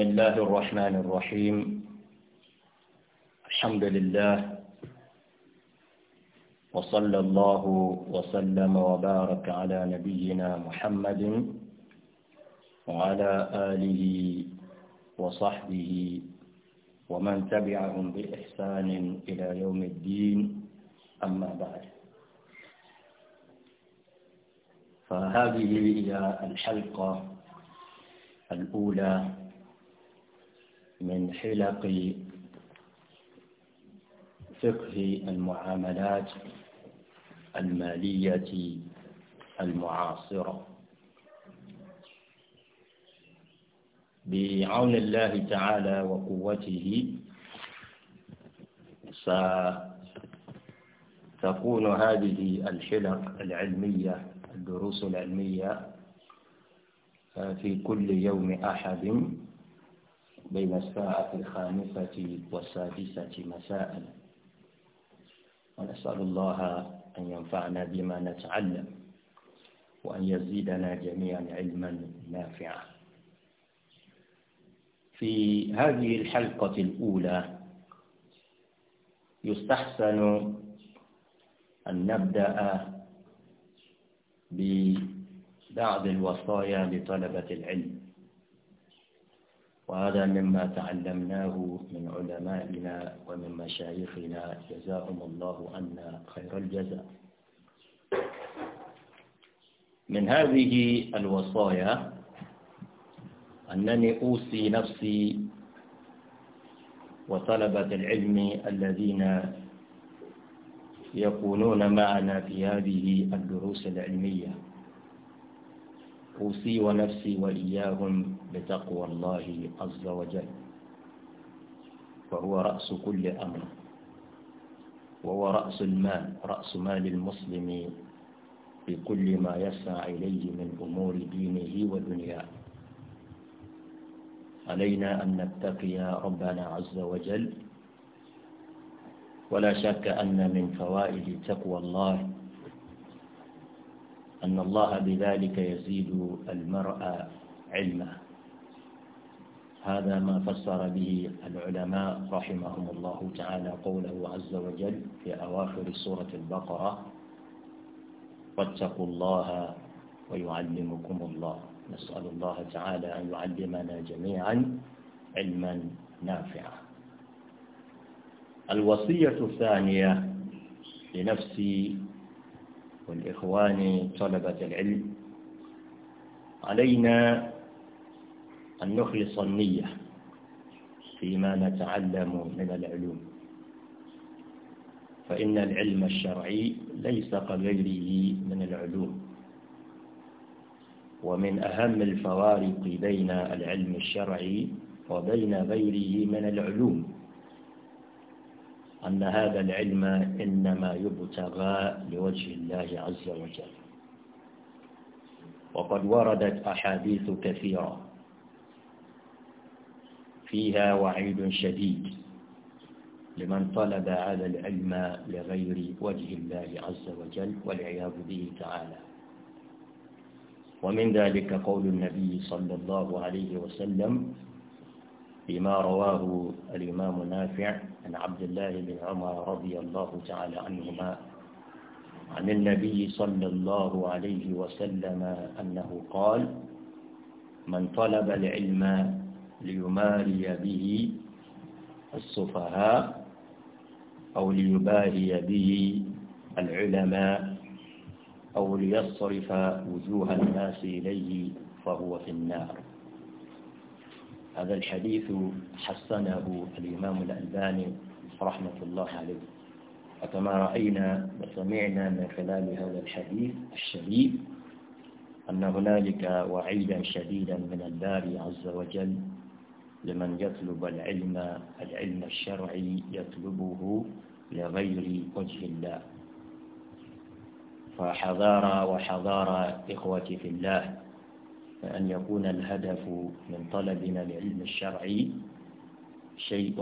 بسم الله الرحمن الرحيم الحمد لله وصلى الله وسلم وبارك على نبينا محمد وعلى آله وصحبه ومن تبعهم بإحسان إلى يوم الدين أما بعد فهذه هي الحلقة الأولى من حلق فقه المعاملات المالية المعاصرة بعون الله تعالى وقوته ستكون هذه الحلق العلمية الدروس العلمية في كل يوم أحد بين الساعة الخامسة والسادسة مساء ونسأل الله أن ينفعنا بما نتعلم وأن يزيدنا جميعا علما نافعا في هذه الحلقة الأولى يستحسن أن نبدأ ببعض الوصايا لطلبة العلم وهذا مما تعلمناه من علمائنا ومن مشايخنا جزاهم الله عنا خير الجزاء من هذه الوصايا أنني أوصي نفسي وطلبة العلم الذين يكونون معنا في هذه الدروس العلمية أوصي ونفسي وإياهم بتقوى الله عز وجل فهو رأس كل أمر وهو رأس المال رأس مال المسلم في كل ما يسعى إليه من أمور دينه ودنياه علينا أن نتقي ربنا عز وجل ولا شك أن من فوائد تقوى الله أن الله بذلك يزيد المرأة علما هذا ما فسر به العلماء رحمهم الله تعالى قوله عز وجل في أواخر سورة البقرة واتقوا الله ويعلمكم الله نسأل الله تعالى أن يعلمنا جميعا علما نافعا الوصية الثانية لنفسي والإخوان طلبة العلم علينا أن نخلص النية فيما نتعلم من العلوم فإن العلم الشرعي ليس كغيره من العلوم ومن أهم الفوارق بين العلم الشرعي وبين غيره من العلوم أن هذا العلم إنما يبتغى لوجه الله عز وجل وقد وردت أحاديث كثيرة فيها وعيد شديد لمن طلب هذا العلم لغير وجه الله عز وجل والعياذ به تعالى ومن ذلك قول النبي صلى الله عليه وسلم فيما رواه الإمام نافع عن عبد الله بن عمر رضي الله تعالى عنهما عن النبي صلى الله عليه وسلم أنه قال من طلب العلم ليماري به السفهاء أو ليباري به العلماء أو ليصرف وجوه الناس إليه فهو في النار هذا الحديث حسنه الإمام الألباني رحمة الله عليه وكما رأينا وسمعنا من خلال هذا الحديث الشديد أن هنالك وعيدا شديدا من الله عز وجل لمن يطلب العلم العلم الشرعي يطلبه لغير وجه الله فحذار وحذار إخوتي في الله أن يكون الهدف من طلبنا العلم الشرعي شيء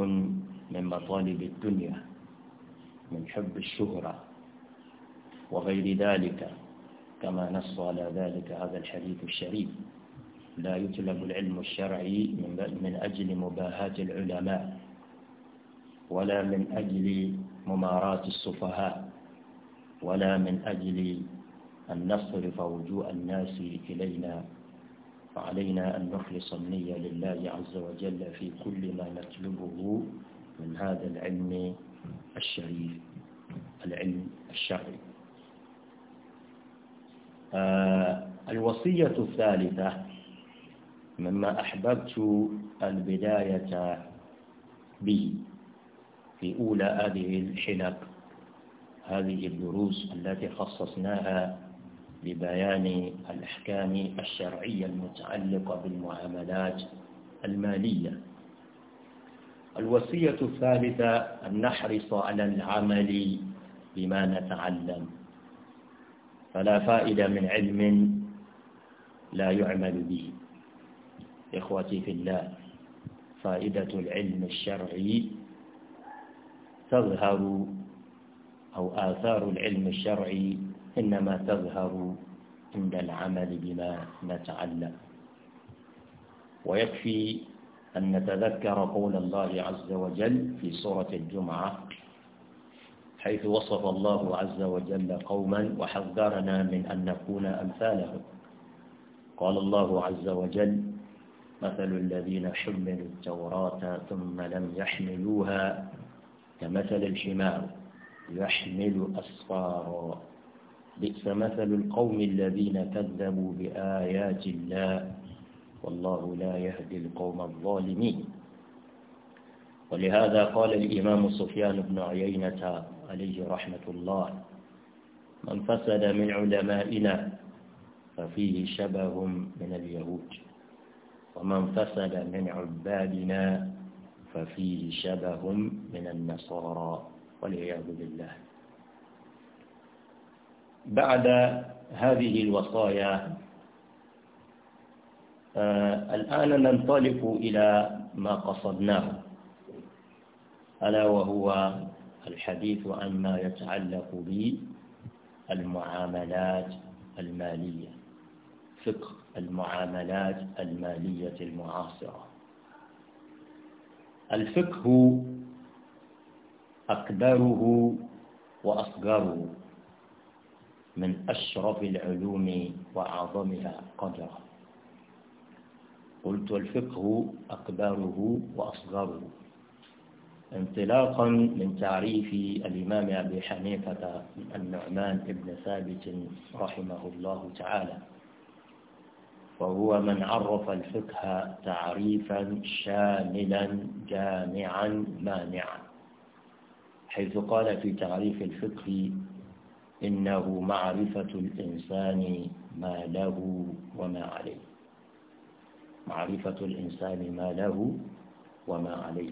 من مطالب الدنيا من حب الشهرة وغير ذلك كما نص على ذلك هذا الحديث الشريف لا يطلب العلم الشرعي من أجل مباهاة العلماء ولا من أجل ممارات السفهاء ولا من أجل أن نصرف وجوه الناس إلينا فعلينا أن نخلص النية لله عز وجل في كل ما نطلبه من هذا العلم الشريف العلم الشرعي آه الوصية الثالثة مما أحببت البداية به في أولى هذه الحلق هذه الدروس التي خصصناها لبيان الأحكام الشرعية المتعلقة بالمعاملات المالية الوصية الثالثة أن نحرص على العمل بما نتعلم فلا فائدة من علم لا يعمل به إخوتي في الله فائدة العلم الشرعي تظهر أو آثار العلم الشرعي إنما تظهر عند العمل بما نتعلم ويكفي أن نتذكر قول الله عز وجل في سورة الجمعة حيث وصف الله عز وجل قوما وحذرنا من أن نكون أمثالهم قال الله عز وجل مثل الذين حملوا التوراة ثم لم يحملوها كمثل الحمار يحمل أسفارا بئس مثل القوم الذين كذبوا بآيات الله والله لا يهدي القوم الظالمين ولهذا قال الإمام سفيان بن عيينة عليه رحمة الله من فسد من علمائنا ففيه شبه من اليهود ومن فسد من عبادنا ففيه شبه من النصارى والعياذ بالله بعد هذه الوصايا آه، الآن ننطلق إلى ما قصدناه ألا وهو الحديث عن ما يتعلق بالمعاملات المالية فقه المعاملات المالية المعاصرة الفقه أكبره وأصغره من أشرف العلوم وأعظمها قدرا قلت الفقه أكبره وأصغره انطلاقا من تعريف الإمام أبي حنيفة النعمان بن ثابت رحمه الله تعالى وهو من عرف الفقه تعريفا شاملا جامعا مانعا حيث قال في تعريف الفقه إنه معرفة الإنسان ما له وما عليه معرفة الإنسان ما له وما عليه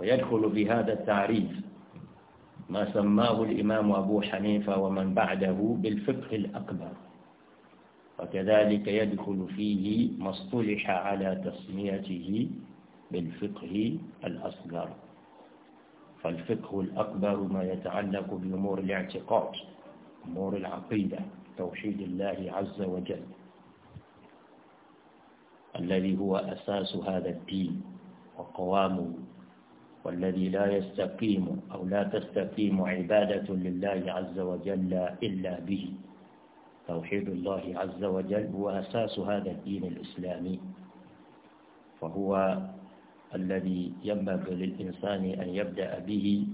ويدخل بهذا التعريف ما سماه الإمام أبو حنيفة ومن بعده بالفقه الأكبر وكذلك يدخل فيه ما اصطلح على تسميته بالفقه الأصغر فالفقه الأكبر ما يتعلق بأمور الاعتقاد أمور العقيدة توحيد الله عز وجل الذي هو أساس هذا الدين وقوامه والذي لا يستقيم أو لا تستقيم عبادة لله عز وجل إلا به توحيد الله عز وجل هو أساس هذا الدين الإسلامي فهو الذي ينبغي للإنسان أن يبدأ به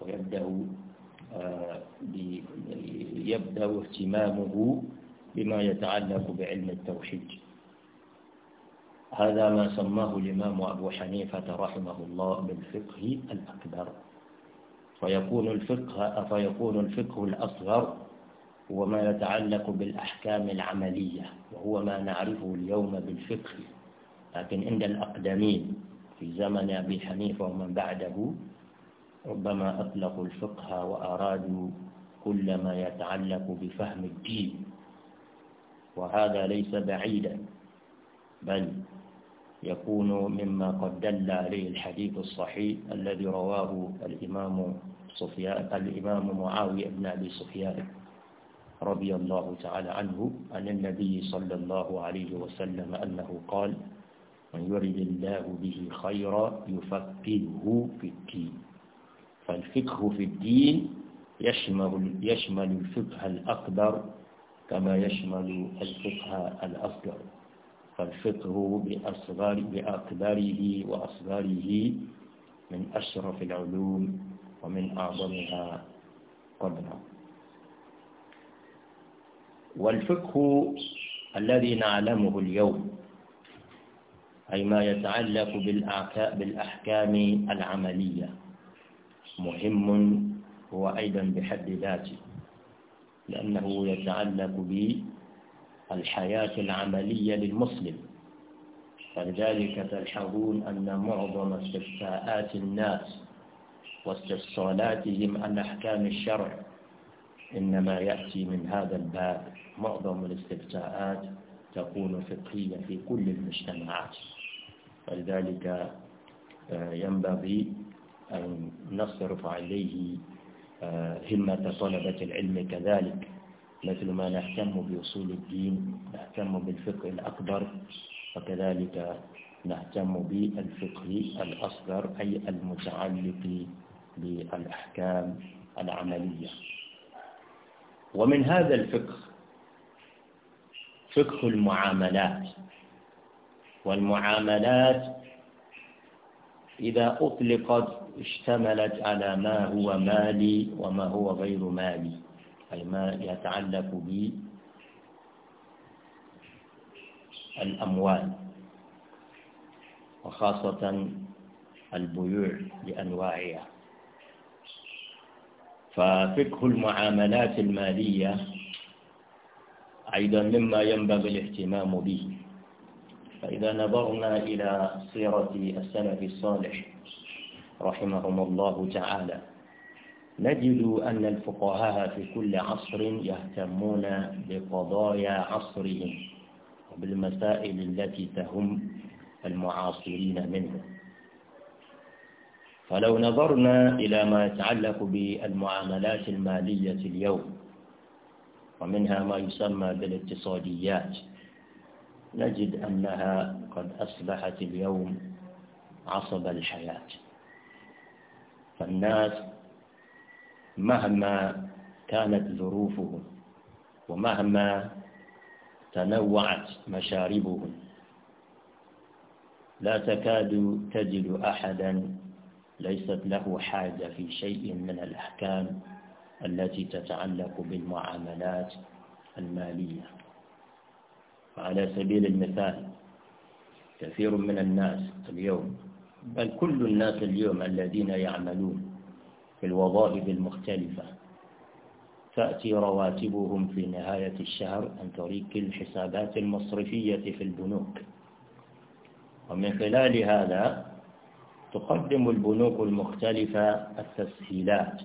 ويبدأ يبدأ اهتمامه بما يتعلق بعلم التوحيد هذا ما سماه الإمام أبو حنيفة رحمه الله بالفقه الأكبر فيكون الفقه فيكون الفقه الأصغر هو ما يتعلق بالأحكام العملية وهو ما نعرفه اليوم بالفقه لكن عند الأقدمين في زمن أبي حنيفة ومن بعده ربما أطلقوا الفقه وأرادوا كل ما يتعلق بفهم الدين وهذا ليس بعيدا بل يكون مما قد دل عليه الحديث الصحيح الذي رواه الإمام سفيان الإمام معاوية بن أبي سفيان رضي الله تعالى عنه عن النبي صلى الله عليه وسلم أنه قال من يرد الله به خيرا يفقده في الدين فالفقه في الدين يشمل, يشمل الفقه الأكبر كما يشمل الفقه الأصغر فالفقه بأصغر بأكبره وأصغره من أشرف العلوم ومن أعظمها قدرا والفقه الذي نعلمه اليوم أي ما يتعلق بالأحكام العملية مهم هو أيضا بحد ذاته لأنه يتعلق بالحياة العملية للمسلم فلذلك تلحظون أن معظم استفتاءات الناس واستفصالاتهم عن أحكام الشرع إنما يأتي من هذا الباب معظم الاستفتاءات تكون فقهية في كل المجتمعات ولذلك آه، ينبغي أن نصرف عليه آه، همة طلبة العلم كذلك مثل ما نهتم بأصول الدين نهتم بالفقه الأكبر وكذلك نهتم بالفقه الأصغر أي المتعلق بالأحكام العملية ومن هذا الفقه فقه المعاملات والمعاملات إذا أطلقت اشتملت على ما هو مالي وما هو غير مالي أي ما يتعلق الأموال وخاصة البيوع بأنواعها ففقه المعاملات المالية أيضا مما ينبغي الاهتمام به فإذا نظرنا إلى سيرة السلف الصالح رحمهم الله تعالى نجد أن الفقهاء في كل عصر يهتمون بقضايا عصرهم وبالمسائل التي تهم المعاصرين منه فلو نظرنا إلى ما يتعلق بالمعاملات المالية اليوم ومنها ما يسمى بالاقتصاديات نجد أنها قد أصبحت اليوم عصب الحياة فالناس مهما كانت ظروفهم ومهما تنوعت مشاربهم لا تكاد تجد أحدا ليست له حاجة في شيء من الأحكام التي تتعلق بالمعاملات المالية على سبيل المثال كثير من الناس اليوم بل كل الناس اليوم الذين يعملون في الوظائف المختلفة تأتي رواتبهم في نهاية الشهر عن طريق الحسابات المصرفية في البنوك ومن خلال هذا تقدم البنوك المختلفة التسهيلات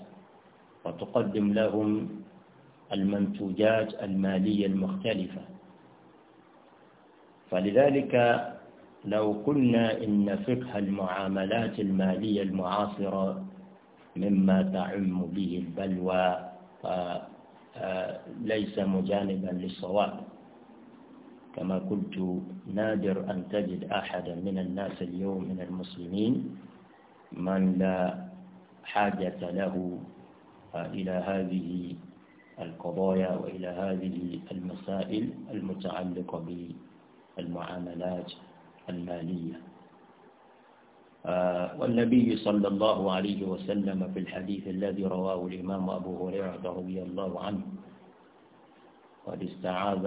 وتقدم لهم المنتوجات المالية المختلفة فلذلك لو قلنا إن فقه المعاملات المالية المعاصرة مما تعم به البلوى آه، ليس مجانبا للصواب كما قلت نادر أن تجد أحدا من الناس اليوم من المسلمين من لا حاجة له إلى هذه القضايا وإلى هذه المسائل المتعلقة المعاملات المالية آه، والنبي صلى الله عليه وسلم في الحديث الذي رواه الإمام أبو هريرة رضي الله عنه قد استعاذ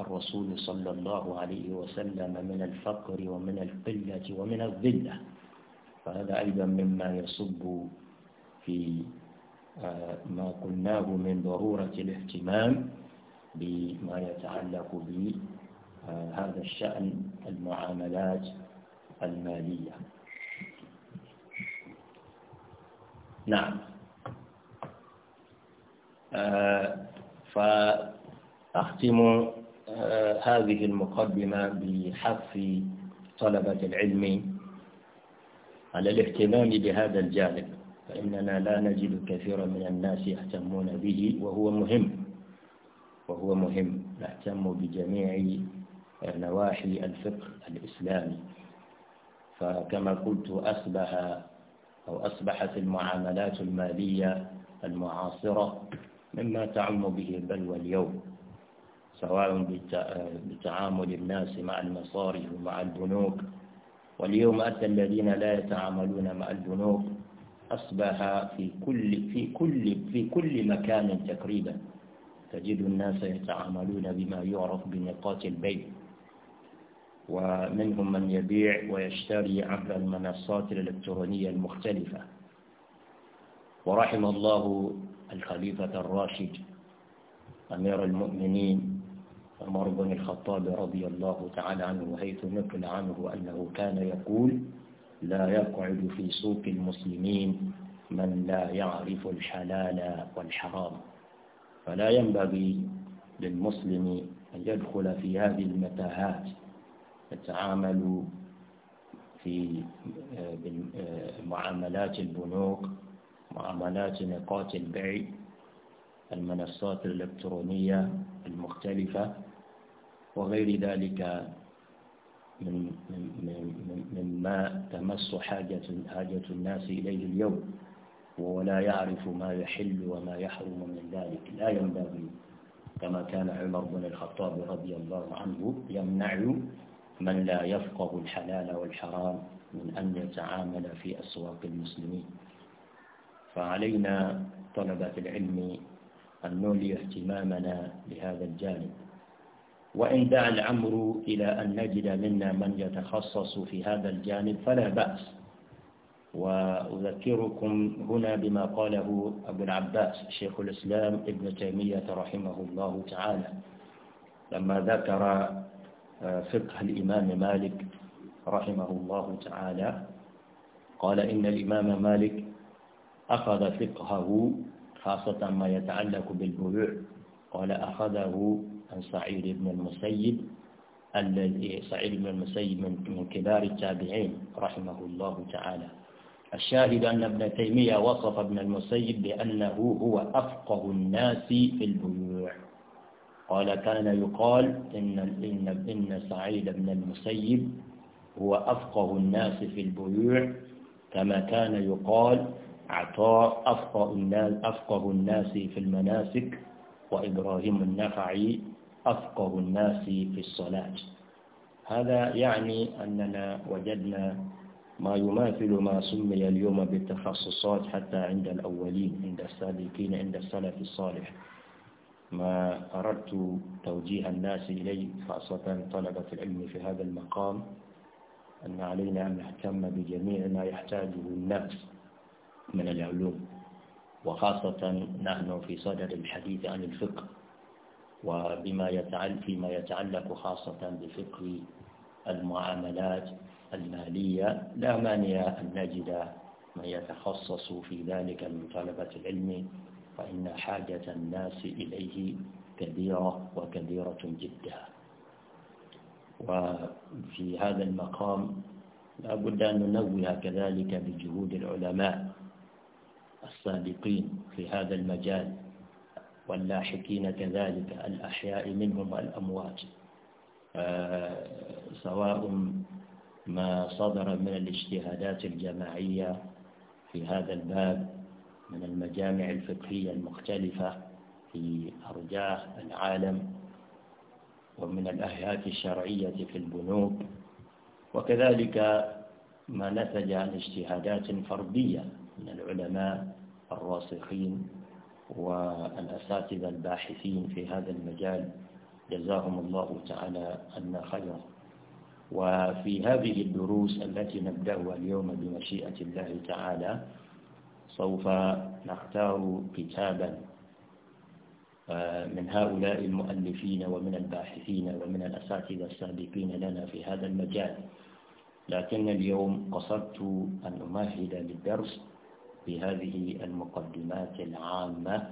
الرسول صلى الله عليه وسلم من الفقر ومن القلة ومن الذلة فهذا أيضا مما يصب في آه، ما قلناه من ضرورة الاهتمام بما يتعلق به هذا الشأن المعاملات المالية نعم آه، فأختم آه، هذه المقدمة بحث طلبة العلم على الاهتمام بهذا الجانب فإننا لا نجد كثيرا من الناس يهتمون به وهو مهم وهو مهم نهتم بجميع نواحي الفقه الإسلامي فكما قلت أصبح أو أصبحت المعاملات المالية المعاصرة مما تعم به بل اليوم سواء بتعامل الناس مع المصارف ومع البنوك واليوم أتى الذين لا يتعاملون مع البنوك أصبح في كل في كل في كل مكان تقريبا تجد الناس يتعاملون بما يعرف بنقاط البيع ومنهم من يبيع ويشتري عبر المنصات الإلكترونية المختلفة ورحم الله الخليفة الراشد أمير المؤمنين عمر بن الخطاب رضي الله تعالى عنه حيث نقل عنه أنه كان يقول لا يقعد في سوق المسلمين من لا يعرف الحلال والحرام فلا ينبغي للمسلم أن يدخل في هذه المتاهات تعاملوا في آه، آه، معاملات البنوك معاملات نقاط البيع المنصات الإلكترونية المختلفة وغير ذلك من مما تمس حاجة حاجة الناس إليه اليوم ولا يعرف ما يحل وما يحرم من ذلك لا ينبغي كما كان عمر بن الخطاب رضي الله عنه يمنع من لا يفقه الحلال والحرام من أن يتعامل في أسواق المسلمين فعلينا طلبة العلم أن نولي اهتمامنا بهذا الجانب وإن دعا الأمر إلى أن نجد منا من يتخصص في هذا الجانب فلا بأس وأذكركم هنا بما قاله أبو العباس شيخ الإسلام ابن تيمية رحمه الله تعالى لما ذكر فقه الإمام مالك رحمه الله تعالى قال إن الإمام مالك أخذ فقهه خاصة ما يتعلق بالبيوع قال أخذه عن سعيد بن المسيب سعيد بن المسيب من كبار التابعين رحمه الله تعالى الشاهد أن ابن تيمية وصف ابن المسيب بأنه هو أفقه الناس في البيوع قال كان يقال إن, إن, إن سعيد بن المسيب هو أفقه الناس في البيوع كما كان يقال عطاء أفقه الناس, أفقه الناس في المناسك وإبراهيم النخعي أفقه الناس في الصلاة هذا يعني أننا وجدنا ما يماثل ما سمي اليوم بالتخصصات حتى عند الأولين عند السابقين عند السلف الصالح ما أردت توجيه الناس إليه خاصة طلبة العلم في هذا المقام أن علينا أن نهتم بجميع ما يحتاجه الناس من العلوم وخاصة نحن في صدر الحديث عن الفقه وبما يتعلق فيما يتعلق خاصة بفقه المعاملات المالية لا مانع أن نجد من يتخصص في ذلك من طلبة العلم فإن حاجة الناس إليه كبيرة وكبيرة جدا وفي هذا المقام لا بد أن ننوه كذلك بجهود العلماء الصادقين في هذا المجال واللاحقين كذلك الأحياء منهم والأموات آه، سواء ما صدر من الاجتهادات الجماعية في هذا الباب من المجامع الفقهية المختلفة في أرجاء العالم ومن الأهيات الشرعية في البنوك وكذلك ما نتج عن اجتهادات فردية من العلماء الراسخين والأساتذة الباحثين في هذا المجال جزاهم الله تعالى عنا خيرا وفي هذه الدروس التي نبدأها اليوم بمشيئة الله تعالى سوف نختار كتابا آه، من هؤلاء المؤلفين ومن الباحثين ومن الأساتذة السابقين لنا في هذا المجال لكن اليوم قصدت أن أمهد للدرس بهذه المقدمات العامة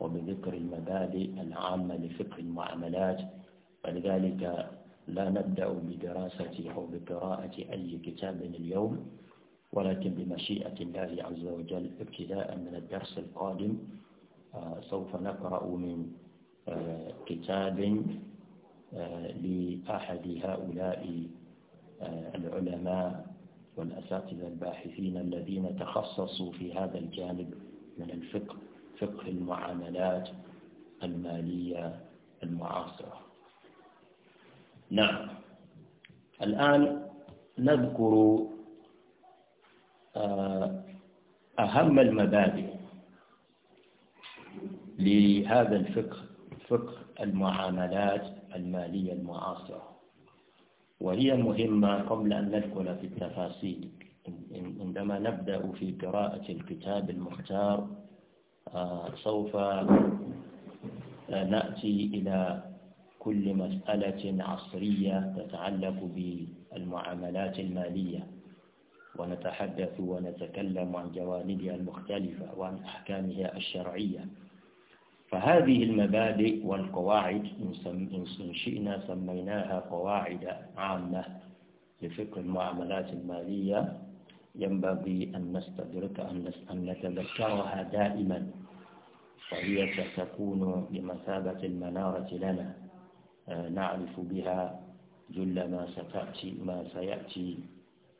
وبذكر المبادئ العامة لفقه المعاملات ولذلك لا نبدأ بدراسة أو بقراءة أي كتاب اليوم ولكن بمشيئة الله عز وجل ابتداء من الدرس القادم آه، سوف نقرأ من آه، كتاب آه، لأحد هؤلاء العلماء والأساتذة الباحثين الذين تخصصوا في هذا الجانب من الفقه فقه المعاملات المالية المعاصرة نعم الآن نذكر آه، أهم المبادئ لهذا الفقه فقه المعاملات المالية المعاصرة وهي مهمة قبل أن ندخل في التفاصيل عندما نبدأ في قراءة الكتاب المختار آه، سوف آه، نأتي إلى كل مسألة عصرية تتعلق بالمعاملات المالية ونتحدث ونتكلم عن جوانبها المختلفة وعن أحكامها الشرعية فهذه المبادئ والقواعد إن شئنا سميناها قواعد عامة لفقه المعاملات المالية ينبغي أن نستدرك أن نتذكرها دائما فهي ستكون بمثابة المنارة لنا آه، نعرف بها جل ما ستأتي ما سيأتي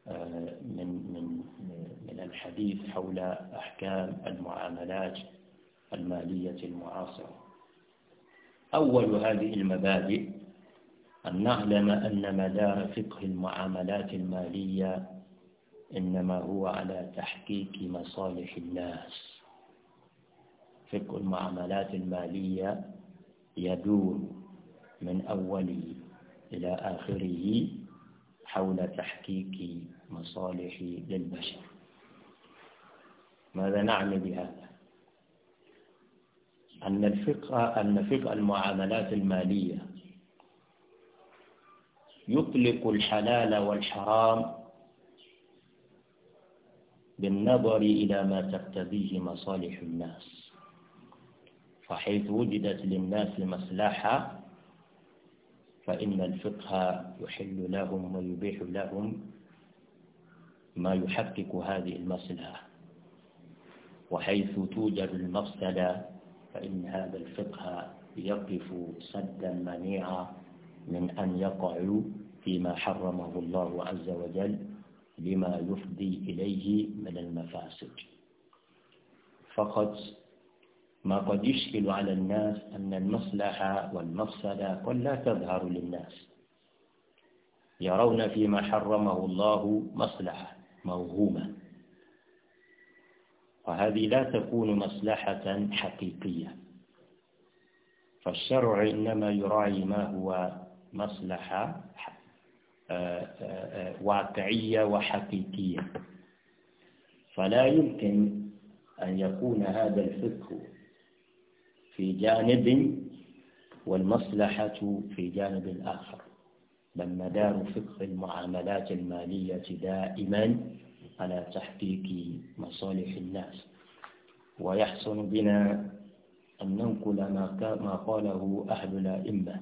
من من من الحديث حول أحكام المعاملات المالية المعاصرة أول هذه المبادئ أن نعلم أن مدار فقه المعاملات المالية إنما هو على تحقيق مصالح الناس فقه المعاملات المالية يدور من أوله إلى آخره حول تحقيق مصالح للبشر ماذا نعني بهذا أن الفقه أن فقه المعاملات المالية يطلق الحلال والحرام بالنظر إلى ما تقتضيه مصالح الناس فحيث وجدت للناس مصلحة فإن الفقه يحل لهم ويبيح لهم ما يحقق هذه المصلة وحيث توجد المفسدة فإن هذا الفقه يقف سدا منيعا من أن يقعوا فيما حرمه الله عز وجل لما يفضي إليه من المفاسد فقط ما قد يشكل على الناس أن المصلحة والمفسدة قد لا تظهر للناس يرون فيما حرمه الله مصلحة موهومة وهذه لا تكون مصلحة حقيقية فالشرع إنما يراعي ما هو مصلحة آه، آه، واقعية وحقيقية فلا يمكن أن يكون هذا الفقه في جانب والمصلحة في جانب آخر بل مدار فقه المعاملات المالية دائما على تحقيق مصالح الناس ويحسن بنا أن ننقل ما قاله أهل الأئمة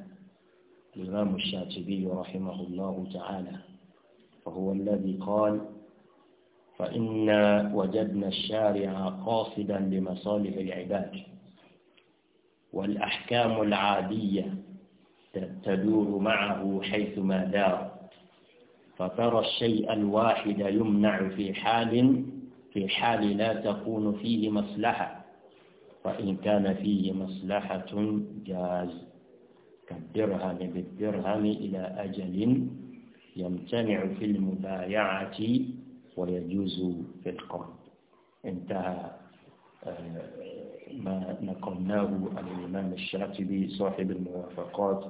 الإمام الشاطبي رحمه الله تعالى وهو الذي قال فإنا وجدنا الشارع قاصدا لمصالح العباد والأحكام العادية تدور معه حيثما دار فترى الشيء الواحد يمنع في حال في حال لا تكون فيه مصلحة وإن كان فيه مصلحة جاز كالدرهم بالدرهم إلى أجل يمتنع في المبايعة ويجوز في القرض انتهى آه، ما نقلناه عن الإمام الشاطبي صاحب الموافقات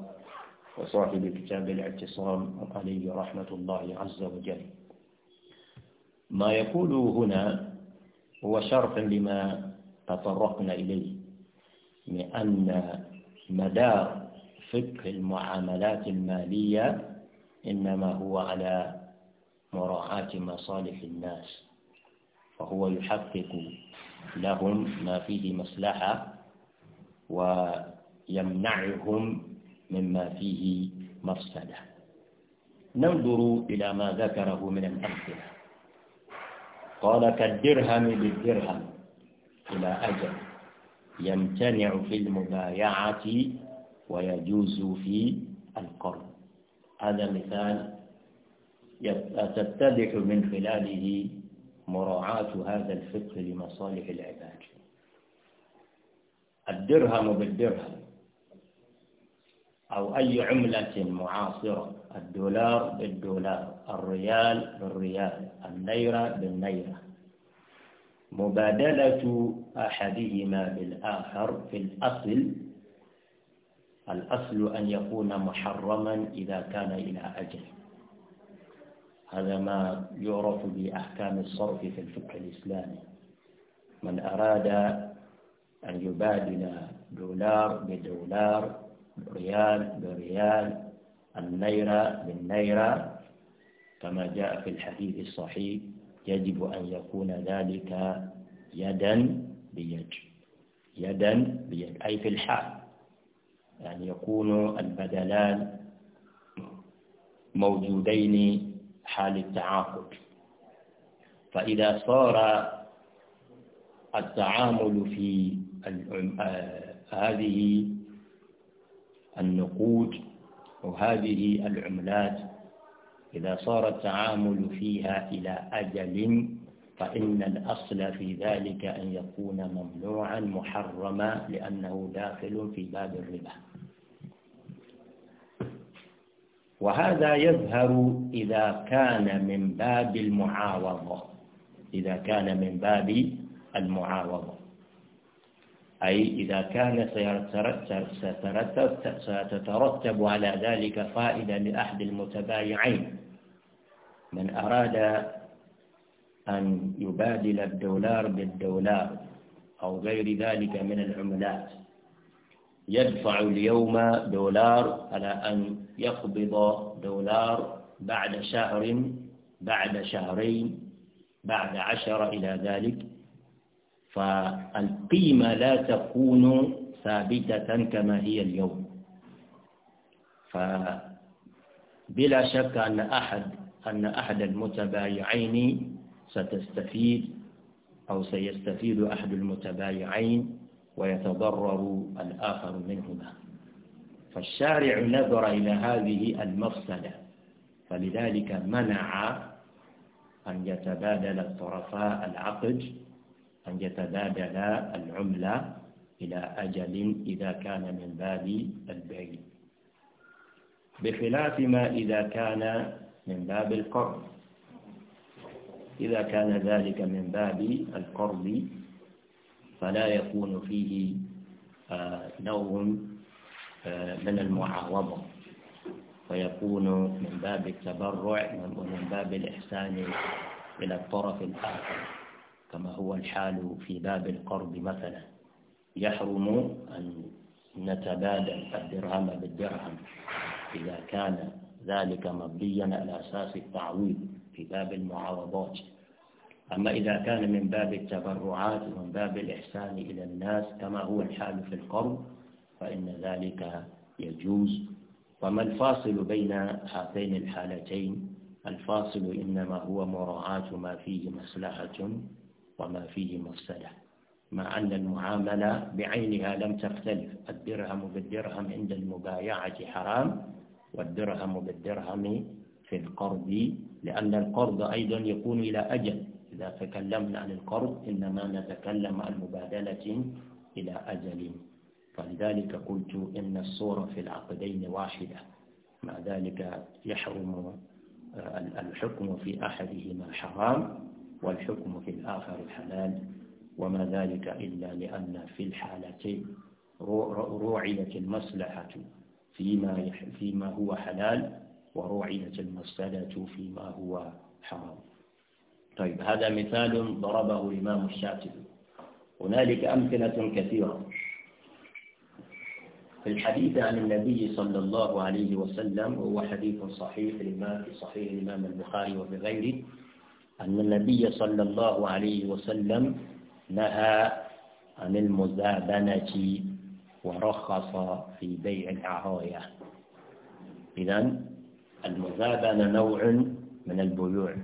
وصاحب كتاب الاعتصام عليه رحمة الله عز وجل ما يقوله هنا هو شرح لما تطرقنا إليه لأن مدار فقه المعاملات المالية إنما هو على مراعاة مصالح الناس فهو يحقق لهم ما فيه مصلحة ويمنعهم مما فيه مفسدة ننظر إلى ما ذكره من الأمثلة قال كالدرهم بالدرهم إلى أجل يمتنع في المبايعة ويجوز في القرض هذا مثال تتضح من خلاله مراعاة هذا الفقه لمصالح العباد الدرهم بالدرهم أو أي عملة معاصرة الدولار بالدولار الريال بالريال النيرة بالنيرة مبادلة أحدهما بالآخر في الأصل الأصل أن يكون محرما إذا كان إلى أجل هذا ما يعرف بأحكام الصرف في الفقه الإسلامي من أراد أن يبادل دولار بدولار ريال بريال النيرة بالنيرة كما جاء في الحديث الصحيح يجب أن يكون ذلك يدا بيد يدا بيد أي في الحال يعني يكون البدلان موجودين حال التعاقد فإذا صار التعامل في آه، هذه النقود أو هذه العملات إذا صار التعامل فيها إلى أجل فإن الأصل في ذلك أن يكون ممنوعا محرما لأنه داخل في باب الربا وهذا يظهر إذا كان من باب المعاوضة إذا كان من باب المعاوضة أي إذا كان سيترتب على ذلك فائدة لأحد المتبايعين من أراد أن يبادل الدولار بالدولار أو غير ذلك من العملات يدفع اليوم دولار على أن يقبض دولار بعد شهر بعد شهرين بعد عشر إلى ذلك فالقيمة لا تكون ثابتة كما هي اليوم فبلا شك أن أحد أن أحد المتبايعين ستستفيد أو سيستفيد أحد المتبايعين ويتضرر الآخر منهما فالشارع نظر إلى هذه المفسدة فلذلك منع أن يتبادل الطرفاء العقد أن يتبادل العملة إلى أجل إذا كان من باب البيع بخلاف ما إذا كان من باب القرض إذا كان ذلك من باب القرض فلا يكون فيه آه، نوع آه، من المعاوضة فيكون من باب التبرع ومن باب الإحسان إلى الطرف الآخر كما هو الحال في باب القرض مثلا يحرم أن نتبادل الدرهم بالدرهم إذا كان ذلك مبنيا على أساس التعويض في باب المعاوضات أما إذا كان من باب التبرعات ومن باب الإحسان إلى الناس كما هو الحال في القرض فإن ذلك يجوز وما الفاصل بين هاتين الحالتين الفاصل إنما هو مراعاة ما فيه مصلحة وما فيه مفسدة مع أن المعاملة بعينها لم تختلف الدرهم بالدرهم عند المبايعة حرام والدرهم بالدرهم في القرض لأن القرض أيضا يكون إلى أجل إذا تكلمنا عن القرض إنما نتكلم عن مبادلة إلى أجل فلذلك قلت إن الصورة في العقدين واحدة مع ذلك يحرم آه، الحكم في أحدهما حرام والحكم في الآخر حلال وما ذلك إلا لأن في الحالتين روعيت المصلحة فيما فيما هو حلال وروعيت المصلحة فيما هو حرام طيب هذا مثال ضربه الإمام الشافعي هنالك أمثلة كثيرة في الحديث عن النبي صلى الله عليه وسلم وهو حديث صحيح الإمام في صحيح الإمام البخاري وفي غيره أن النبي صلى الله عليه وسلم نهى عن المزابنة ورخص في بيع العراية إذا المزابنة نوع من البيوع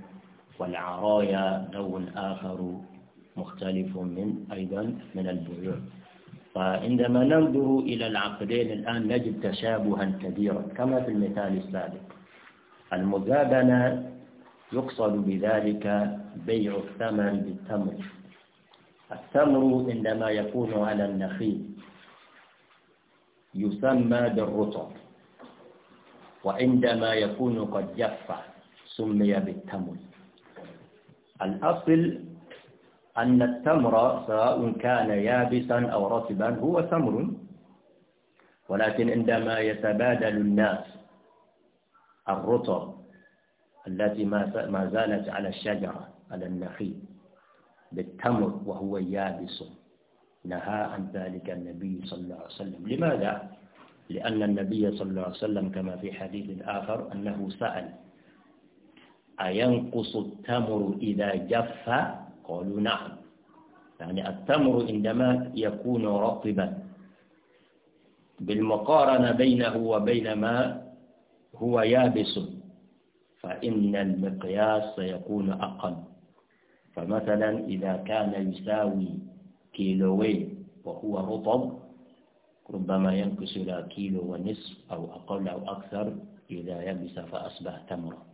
والعرايا نوع آخر مختلف من أيضا من البيوع فعندما ننظر إلى العقدين الآن نجد تشابها كبيرا كما في المثال السابق المزادنة يقصد بذلك بيع الثمر بالتمر التمر عندما يكون على النخيل يسمى بالرطب وعندما يكون قد جف سمي بالتمر الأصل أن التمر سواء كان يابسا أو رطبا هو تمر ولكن عندما يتبادل الناس الرطب التي ما زالت على الشجرة على النخيل بالتمر وهو يابس نهى عن ذلك النبي صلى الله عليه وسلم لماذا؟ لأن النبي صلى الله عليه وسلم كما في حديث آخر أنه سأل أينقص التمر إذا جف قالوا نعم يعني التمر عندما يكون رطبا بالمقارنة بينه وبين ما هو يابس فإن المقياس سيكون أقل فمثلا إذا كان يساوي كيلوين وهو رطب ربما ينقص إلى كيلو ونصف أو أقل أو أكثر إذا يبس فأصبح تمرا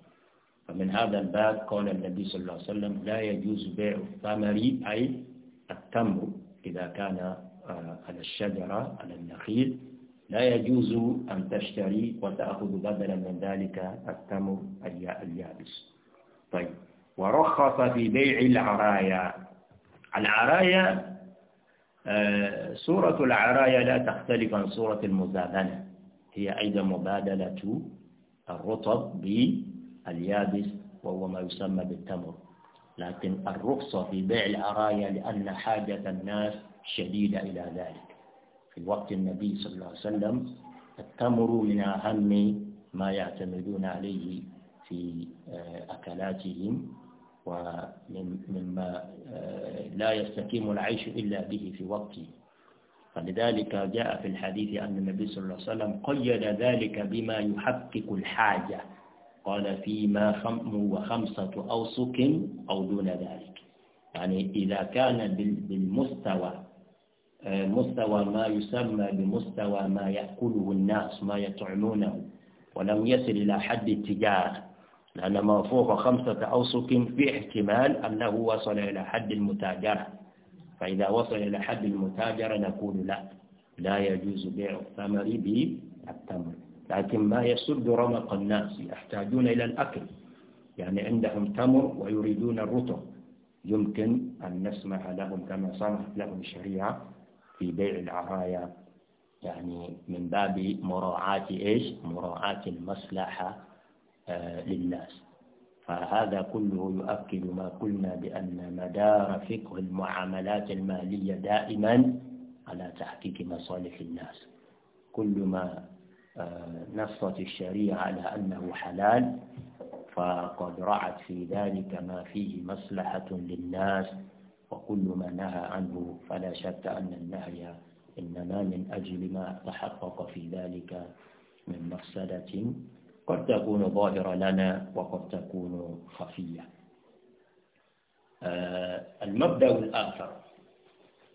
فمن هذا الباب قال النبي صلى الله عليه وسلم لا يجوز بيع الثمر أي التمر إذا كان آه، على الشجرة على النخيل لا يجوز أن تشتري وتأخذ بدلا من ذلك التمر اليابس طيب ورخص في بيع العرايا العرايا آه، سورة العرايا لا تختلف عن سورة المزابنة هي أيضا مبادلة الرطب اليابس وهو ما يسمى بالتمر لكن الرخصة في بيع العرايا لأن حاجة الناس شديدة إلى ذلك في وقت النبي صلى الله عليه وسلم التمر من أهم ما يعتمدون عليه في آه، أكلاتهم ومما آه، لا يستقيم العيش إلا به في وقته فلذلك جاء في الحديث أن النبي صلى الله عليه وسلم قيد ذلك بما يحقق الحاجة قال فيما خم وخمسة أوسك أو دون ذلك يعني إذا كان بالمستوى آه، مستوى ما يسمى بمستوى ما يأكله الناس ما يطعمونه ولم يصل إلى حد التجارة لأن ما فوق خمسة أوسك في احتمال أنه وصل إلى حد المتاجرة فإذا وصل إلى حد المتاجرة نقول لا لا يجوز بيع الثمر بالتمر لكن ما يسد رمق الناس يحتاجون إلى الأكل يعني عندهم تمر ويريدون الرطب يمكن أن نسمح لهم كما سمحت لهم الشريعة في بيع العرايا يعني من باب مراعاة إيش مراعاة المصلحة آه، للناس فهذا كله يؤكد ما قلنا بأن مدار فقه المعاملات المالية دائما على تحقيق مصالح الناس كل ما نصت الشريعة على أنه حلال فقد رعت في ذلك ما فيه مصلحة للناس وكل ما نهى عنه فلا شك أن النهي إنما من أجل ما تحقق في ذلك من مفسدة قد تكون ظاهرة لنا وقد تكون خفية آه، المبدأ الآخر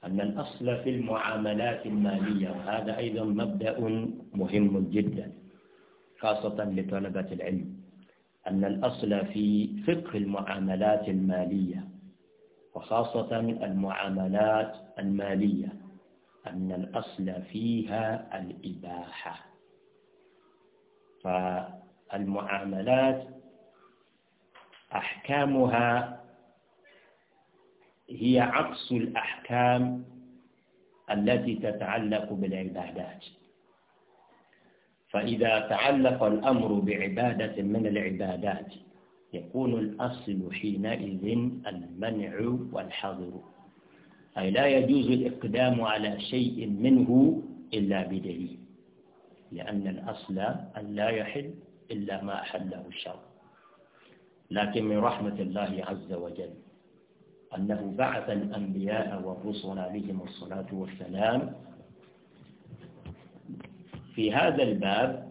أن الأصل في المعاملات المالية هذا أيضا مبدأ مهم جدا خاصة لطلبة العلم أن الأصل في فقه المعاملات المالية وخاصة المعاملات المالية أن الأصل فيها الإباحة فالمعاملات أحكامها هي عكس الأحكام التي تتعلق بالعبادات فإذا تعلق الأمر بعبادة من العبادات يكون الأصل حينئذ المنع والحظر أي لا يجوز الإقدام على شيء منه إلا بدليل لأن الأصل أن لا يحل إلا ما أحله الشرع لكن من رحمة الله عز وجل أنه بعث الأنبياء والرسل عليهم الصلاة والسلام في هذا الباب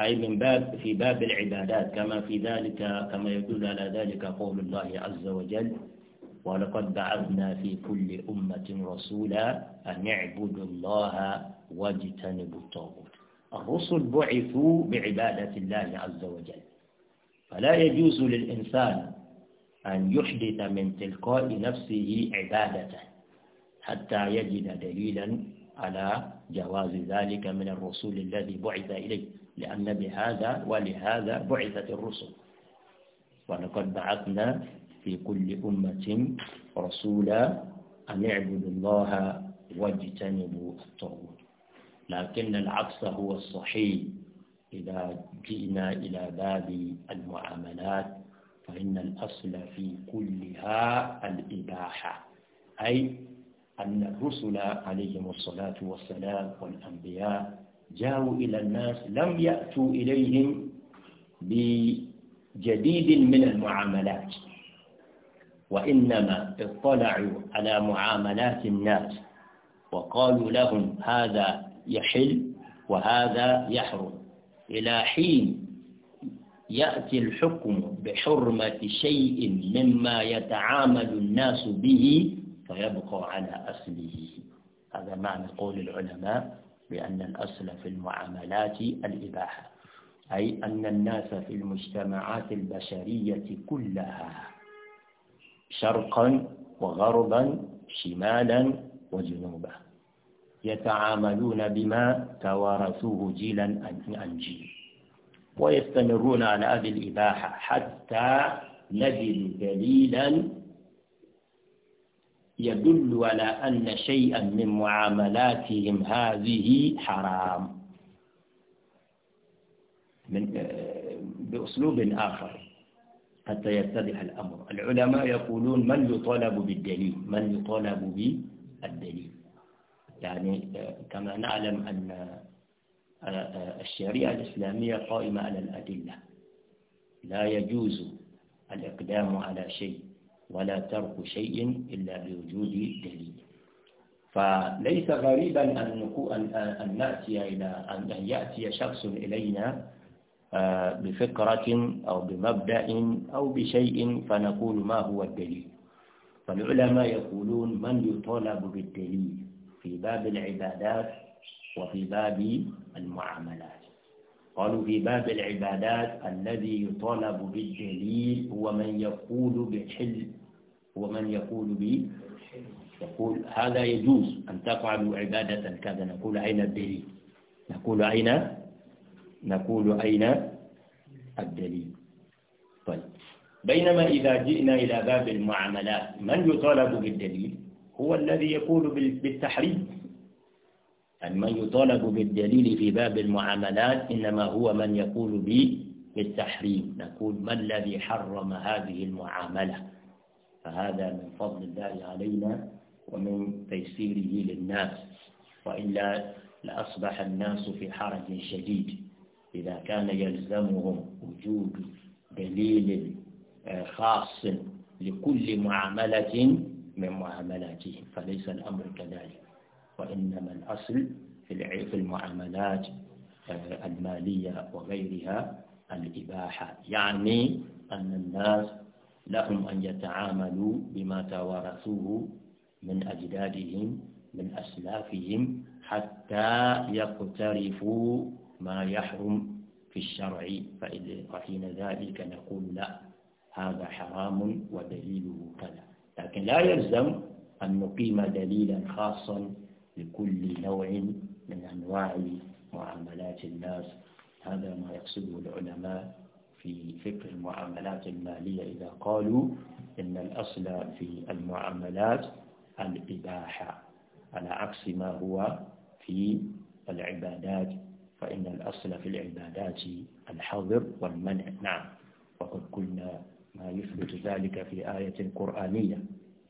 أي من باب في باب العبادات كما في ذلك كما يدل على ذلك قول الله عز وجل ولقد بعثنا في كل أمة رسولا أن اعبدوا الله واجتنبوا الطاغوت الرسل بعثوا بعبادة الله عز وجل فلا يجوز للإنسان أن يحدث من تلقاء نفسه عبادة حتى يجد دليلا على جواز ذلك من الرسول الذي بعث إليه لأن بهذا ولهذا بعثت الرسل ولقد بعثنا في كل أمة رسولا أن اعبدوا الله واجتنبوا الطغوت لكن العكس هو الصحيح إذا جئنا إلى باب المعاملات فإن الأصل في كلها الإباحة أي أن الرسل عليهم الصلاة والسلام والأنبياء جاءوا إلى الناس لم يأتوا إليهم بجديد من المعاملات وإنما اطلعوا على معاملات الناس وقالوا لهم هذا يحل وهذا يحرم إلى حين يأتي الحكم بحرمة شيء مما يتعامل الناس به فيبقى على أصله هذا معنى قول العلماء بأن الأصل في المعاملات الإباحة أي أن الناس في المجتمعات البشرية كلها شرقا وغربا شمالا وجنوبا يتعاملون بما توارثوه جيلا عن جيل ويستمرون على هذه الإباحة حتى نجد دليلا يدل على أن شيئا من معاملاتهم هذه حرام من آه، بأسلوب آخر حتى يتضح الأمر العلماء يقولون من يطالب بالدليل من يطالب بالدليل يعني آه، كما نعلم أن الشريعة الإسلامية قائمة على الأدلة لا يجوز الإقدام على شيء ولا ترك شيء إلا بوجود دليل فليس غريبا أن نأتي إلى أن يأتي شخص إلينا آه، بفكرة أو بمبدأ أو بشيء فنقول ما هو الدليل فالعلماء يقولون من يطالب بالدليل في باب العبادات وفي باب المعاملات قالوا في باب العبادات الذي يطالب بالدليل هو من يقول بحل هو من يقول ب يقول هذا يجوز أن تفعلوا عبادة كذا نقول أين الدليل نقول أين نقول أين الدليل طيب بينما إذا جئنا إلى باب المعاملات من يطالب بالدليل هو الذي يقول بالتحريم أن من يطالب بالدليل في باب المعاملات إنما هو من يقول بي بالتحريم نقول ما الذي حرم هذه المعاملة فهذا من فضل الله علينا ومن تيسيره للناس وإلا لأصبح الناس في حرج شديد إذا كان يلزمهم وجود دليل آه، خاص لكل معاملة من معاملاتهم فليس الأمر كذلك وإنما الأصل في المعاملات آه، المالية وغيرها الإباحة يعني أن الناس لهم أن يتعاملوا بما توارثوه من أجدادهم من أسلافهم حتى يقترفوا ما يحرم في الشرع وحين ذلك نقول لا هذا حرام ودليله كذا لكن لا يلزم أن نقيم دليلا خاصا لكل نوع من أنواع معاملات الناس هذا ما يقصده العلماء في فكر المعاملات المالية إذا قالوا إن الأصل في المعاملات الإباحة على عكس ما هو في العبادات فإن الأصل في العبادات الحظر والمنع نعم وقد قلنا ما يثبت ذلك في آية قرآنية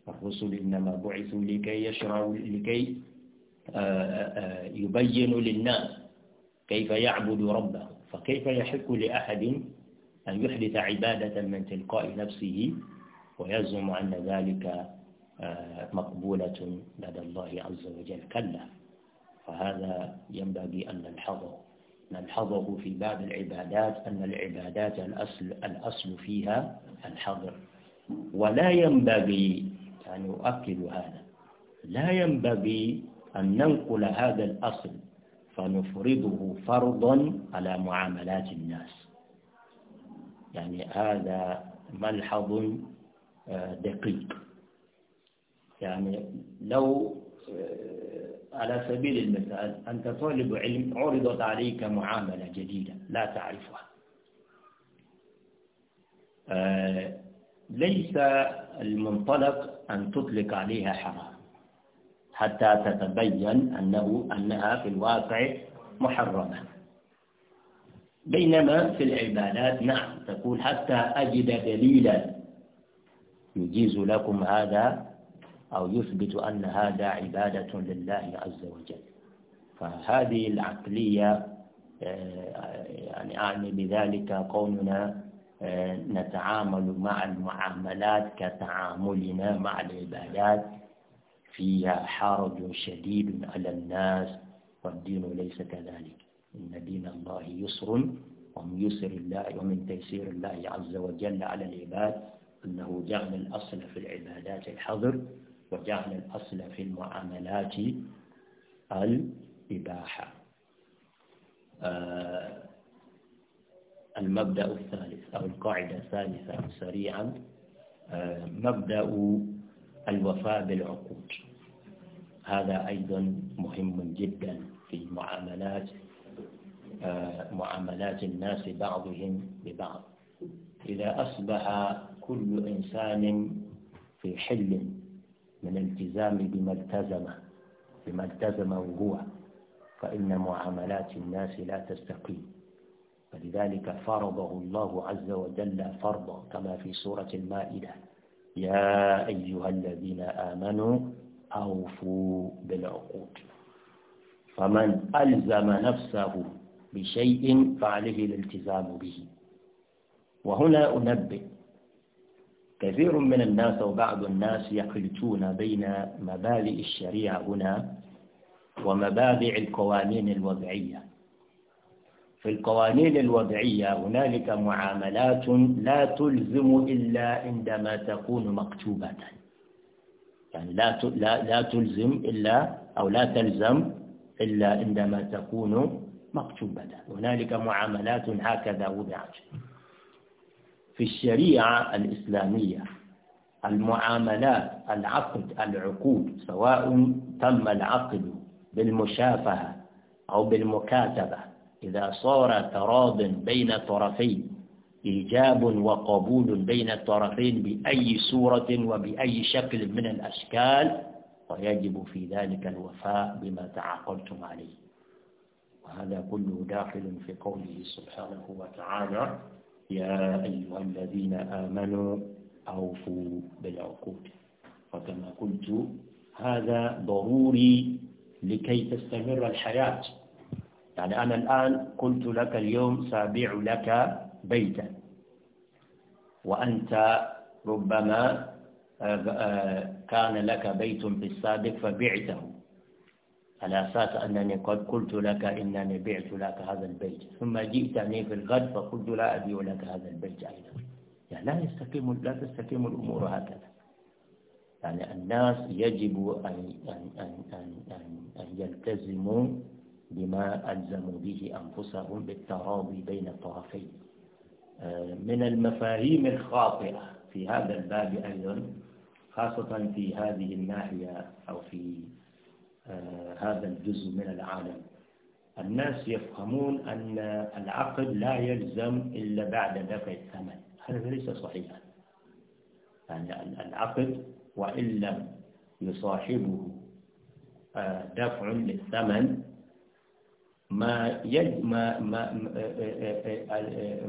الرسل إنما بعثوا لكي يشرعوا لكي آه، آه، آه، يبين للناس كيف يعبد ربه فكيف يحق لأحد أن يحدث عبادة من تلقاء نفسه ويزعم أن ذلك مقبولة لدى الله عز وجل كلا فهذا ينبغي أن نلحظه نلحظه في باب العبادات أن العبادات الأصل, الأصل فيها الحظر ولا ينبغي أن يعني أؤكد هذا لا ينبغي أن ننقل هذا الأصل فنفرضه فرضا على معاملات الناس يعني هذا ملحظ آه، دقيق يعني لو آه، على سبيل المثال أنت طالب علم عرضت عليك معاملة جديدة لا تعرفها آه، ليس المنطلق أن تطلق عليها حرام حتى تتبين أنه أنها في الواقع محرمة بينما في العبادات نعم تقول حتى أجد دليلا يجيز لكم هذا أو يثبت أن هذا عبادة لله عز وجل فهذه العقلية آه، يعني أعني بذلك قولنا آه، نتعامل مع المعاملات كتعاملنا مع العبادات فيها حرج شديد على الناس والدين ليس كذلك إن دين الله يسر ومن يسر الله ومن تيسير الله عز وجل على العباد أنه جعل الأصل في العبادات الحظر وجعل الأصل في المعاملات الإباحة آه، المبدأ الثالث أو القاعدة الثالثة سريعا آه، مبدأ الوفاء بالعقود هذا أيضا مهم جدا في معاملات معاملات الناس بعضهم ببعض إذا أصبح كل إنسان في حل من التزام بما التزم بما التزمه هو فإن معاملات الناس لا تستقيم فلذلك فرضه الله عز وجل فرضا كما في سورة المائدة يا أيها الذين آمنوا أوفوا بالعقود فمن ألزم نفسه بشيء فعليه الالتزام به وهنا أنبئ كثير من الناس وبعض الناس يخلطون بين مبادئ الشريعة هنا ومبادئ القوانين الوضعية في القوانين الوضعية هنالك معاملات لا تلزم إلا عندما تكون مكتوبة يعني لا لا لا تلزم إلا أو لا تلزم إلا عندما تكون مكتوبة هنالك معاملات هكذا وضعت في الشريعة الإسلامية المعاملات العقد العقود سواء تم العقد بالمشافهة أو بالمكاتبة إذا صار تراض بين طرفين إيجاب وقبول بين الطرفين بأي صورة وبأي شكل من الأشكال ويجب في ذلك الوفاء بما تعاقدتم عليه وهذا كله داخل في قوله سبحانه وتعالى يا أيها الذين آمنوا أوفوا بالعقود وكما قلت هذا ضروري لكي تستمر الحياة يعني أنا الآن قلت لك اليوم سابيع لك بيتا وأنت ربما آه، آه، كان لك بيت في السابق فبعته على أساس أنني قد قلت لك إنني بعت لك هذا البيت ثم جئتني في الغد فقلت لا أبيع لك هذا البيت أيضا يعني لا يستقيم لا تستقيم الأمور هكذا يعني الناس يجب أن أن أن أن أن, أن يلتزموا بما ألزموا به أنفسهم بالتراضي بين الطرفين من المفاهيم الخاطئة في هذا الباب أيضا خاصة في هذه الناحية أو في آه، هذا الجزء من العالم الناس يفهمون أن العقد لا يلزم إلا بعد دفع الثمن هذا ليس صحيحا يعني العقد وإن لم يصاحبه آه، دفع للثمن ما ما ما آه،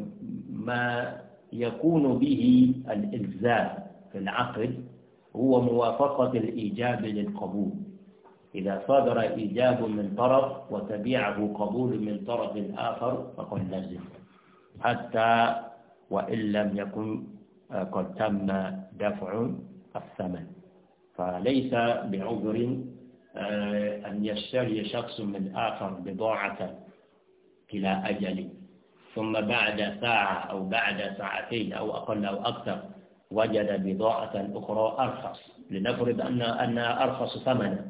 ما يكون به الإلزام في العقد هو موافقة الإيجاب للقبول إذا صدر إيجاب من طرف وتبعه قبول من طرف آخر فقد لزم حتى وإن لم يكن آه، قد تم دفع الثمن فليس بعذر آه، أن يشتري شخص من آخر بضاعة إلى أجل ثم بعد ساعة أو بعد ساعتين أو أقل أو أكثر وجد بضاعة أخرى أرخص لنفرض أن أنها أرخص ثمنا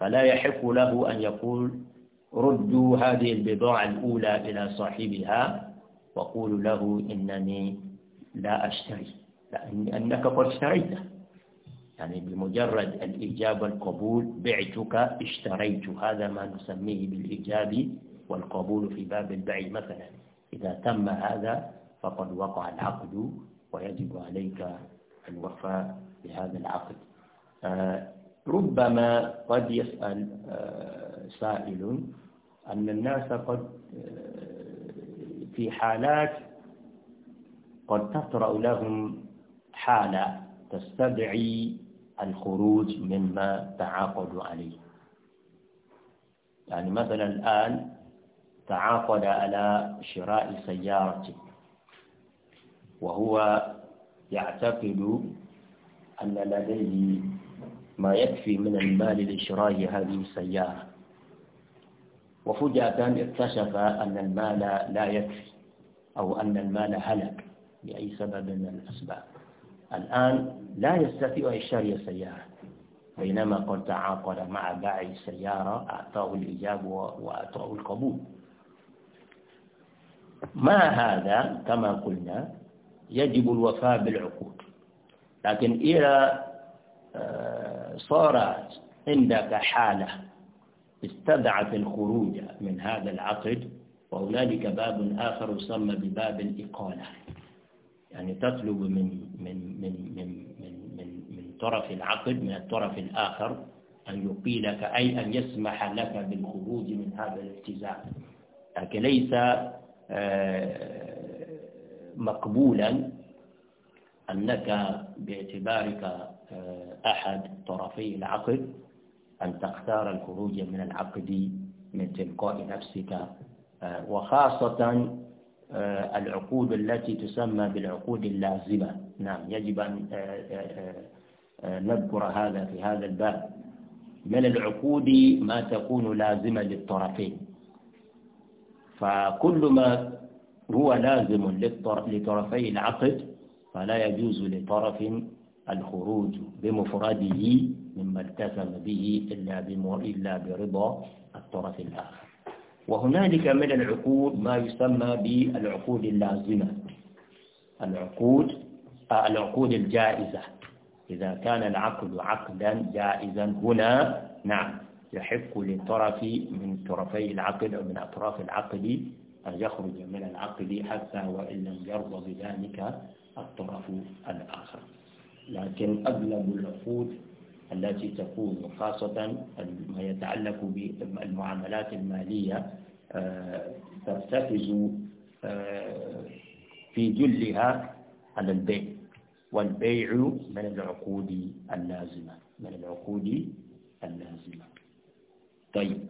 فلا يحق له أن يقول ردوا هذه البضاعة الأولى إلى صاحبها وقولوا له إنني لا أشتري لأنك قد اشتريت يعني بمجرد الإيجاب والقبول بعتك اشتريت هذا ما نسميه بالإيجاب والقبول في باب البيع مثلا إذا تم هذا فقد وقع العقد ويجب عليك الوفاء بهذا العقد آه، ربما قد يسأل آه، سائل أن الناس قد آه، في حالات قد تطرأ لهم حالة تستدعي الخروج مما تعاقدوا عليه يعني مثلا الآن تعاقد على شراء سيارة وهو يعتقد أن لديه ما يكفي من المال لشراء هذه السيارة وفجأة اكتشف أن المال لا يكفي أو أن المال هلك بأي سبب من الأسباب الآن لا يستطيع يشتري سيارة بينما قد تعاقد مع باعي السيارة أعطاه الإجابة وأعطاه القبول مع هذا كما قلنا يجب الوفاء بالعقود لكن إذا آه، صارت عندك حالة استدعت الخروج من هذا العقد وهنالك باب آخر يسمى بباب الإقالة يعني تطلب من من من من من من, من طرف العقد من الطرف الآخر أن يقيلك أي أن يسمح لك بالخروج من هذا الالتزام لكن ليس آه، مقبولا أنك باعتبارك آه، أحد طرفي العقد أن تختار الخروج من العقد من تلقاء نفسك آه، وخاصة العقود التي تسمى بالعقود اللازمة نعم يجب أن نذكر هذا في هذا الباب من العقود ما تكون لازمة للطرفين فكل ما هو لازم لطرفي العقد فلا يجوز لطرف الخروج بمفرده مما التزم به إلا إلا برضا الطرف الآخر وهنالك من العقود ما يسمى بالعقود اللازمة العقود آه، العقود الجائزة إذا كان العقد عقدا جائزا هنا نعم يحق لطرف من طرفي العقد أو من أطراف العقد أن يخرج من العقد حتى وإن لم يرضى بذلك الطرف الآخر لكن أغلب العقود التي تكون خاصة ما يتعلق بالمعاملات المالية آه، ترتكز آه، في جلها على البيع والبيع من العقود اللازمة من العقود اللازمة طيب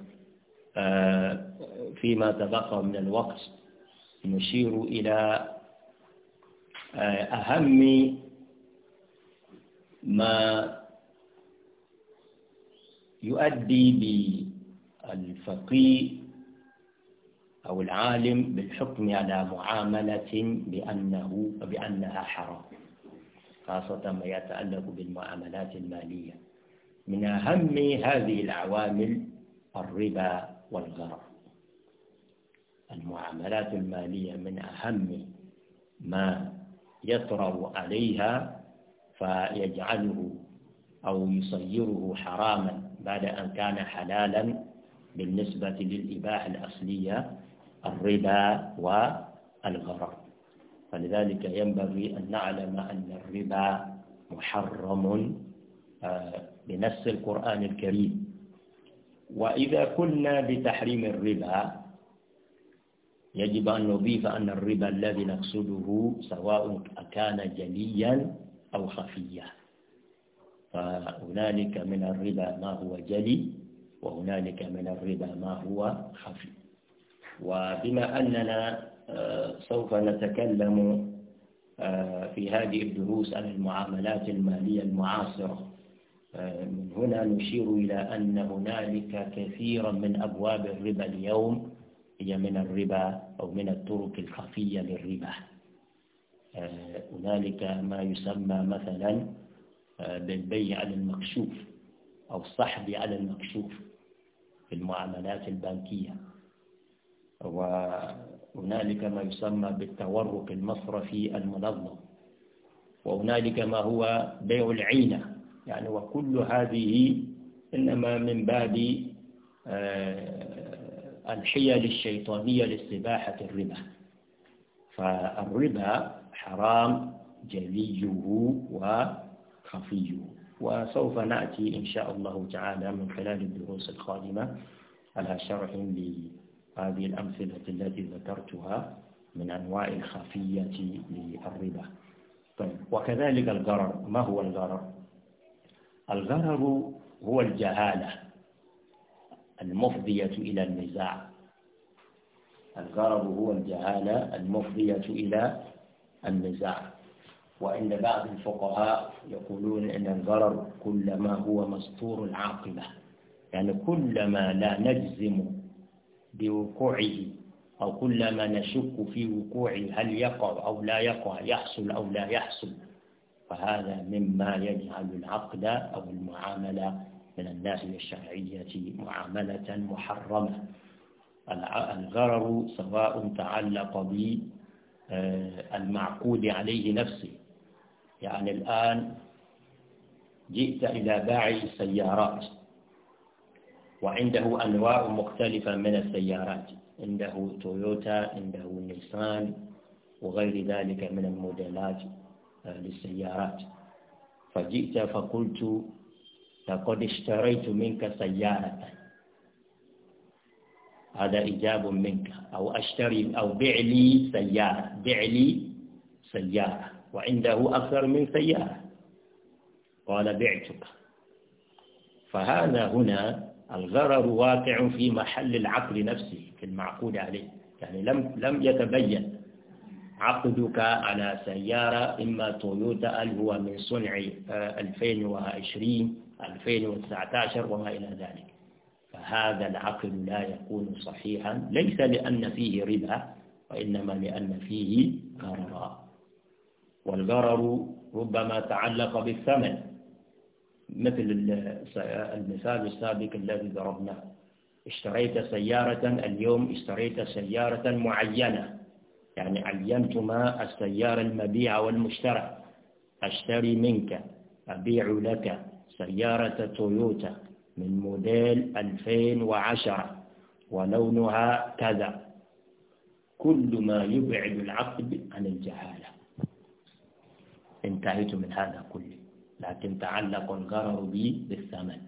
آه، فيما تبقى من الوقت نشير إلى آه، أهم ما يؤدي بالفقيه أو العالم بالحكم على معاملة بأنه بأنها حرام خاصة ما يتعلق بالمعاملات المالية من أهم هذه العوامل الربا والغرر المعاملات المالية من أهم ما يطرأ عليها فيجعله أو يصيره حراما بعد أن كان حلالا بالنسبة للإباحة الأصلية الربا والغرر فلذلك ينبغي أن نعلم أن الربا محرم آه، بنفس القرآن الكريم وإذا قلنا بتحريم الربا يجب أن نضيف أن الربا الذي نقصده سواء كان جليا أو خفيا فهنالك من الربا ما هو جلي وهنالك من الربا ما هو خفي وبما أننا آه، سوف نتكلم آه، في هذه الدروس عن المعاملات المالية المعاصرة من هنا نشير إلى أن هنالك كثيرا من أبواب الربا اليوم هي من الربا أو من الطرق الخفية للربا آه، هنالك ما يسمى مثلا آه، بالبيع على المكشوف أو السحب على المكشوف في المعاملات البنكية وهنالك ما يسمى بالتورق المصرفي المنظم وهنالك ما هو بيع العينة يعني وكل هذه إنما من باب آه، الحيل الشيطانية لاستباحة الربا فالربا حرام جليه وخفيه وسوف نأتي إن شاء الله تعالى من خلال الدروس القادمة على شرح لهذه الأمثلة التي ذكرتها من أنواع الخفية للربا طيب وكذلك الغرر ما هو الغرر الغرر هو الجهالة المفضية إلى النزاع الغرر هو الجهالة المفضية إلى النزاع وإن بعض الفقهاء يقولون إن الغرر كلما هو مستور العاقبة يعني كلما لا نجزم بوقوعه أو كلما نشك في وقوعه هل يقع أو لا يقع يحصل أو لا يحصل فهذا مما يجعل العقد أو المعاملة من الناحية الشرعية معاملة محرمة الغرر سواء تعلق بالمعقود آه، عليه نفسه يعني الآن جئت إلى باعي السيارات وعنده أنواع مختلفة من السيارات عنده تويوتا عنده نيسان وغير ذلك من الموديلات آه، للسيارات فجئت فقلت لقد اشتريت منك سيارة هذا إجاب منك أو أشتري أو بع لي سيارة بع لي سيارة وعنده أكثر من سيارة قال بعتك فهذا هنا الغرر واقع في محل العقل نفسه في المعقول عليه يعني لم لم يتبين عقدك على سيارة إما تويوتا أل هو من صنع 2020 آه، 2019 وما إلى ذلك فهذا العقد لا يكون صحيحا ليس لأن فيه ربا وإنما لأن فيه غررا والغرر ربما تعلق بالثمن مثل المثال السابق الذي ضربناه اشتريت سيارة اليوم اشتريت سيارة معينة يعني علمتما السيارة المبيعة والمشترى أشتري منك أبيع لك سيارة تويوتا من موديل 2010 ولونها كذا كل ما يبعد العقد عن الجهالة انتهيت من هذا كله لكن تعلق الغرر بي بالثمن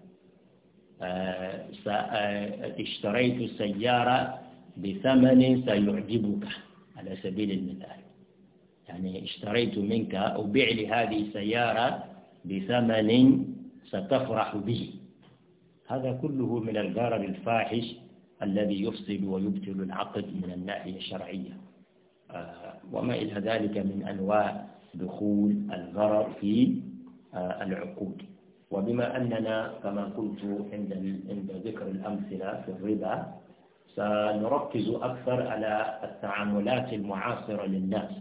آه، آه، اشتريت السيارة بثمن سيعجبك على سبيل المثال يعني اشتريت منك أو بع لي هذه السيارة بثمن ستفرح به هذا كله من الغرر الفاحش الذي يفسد ويبطل العقد من الناحية الشرعية آه، وما إلى ذلك من أنواع دخول الغرر في آه، العقود وبما أننا كما قلت عند عند ذكر الأمثلة في الربا سنركز أكثر على التعاملات المعاصرة للناس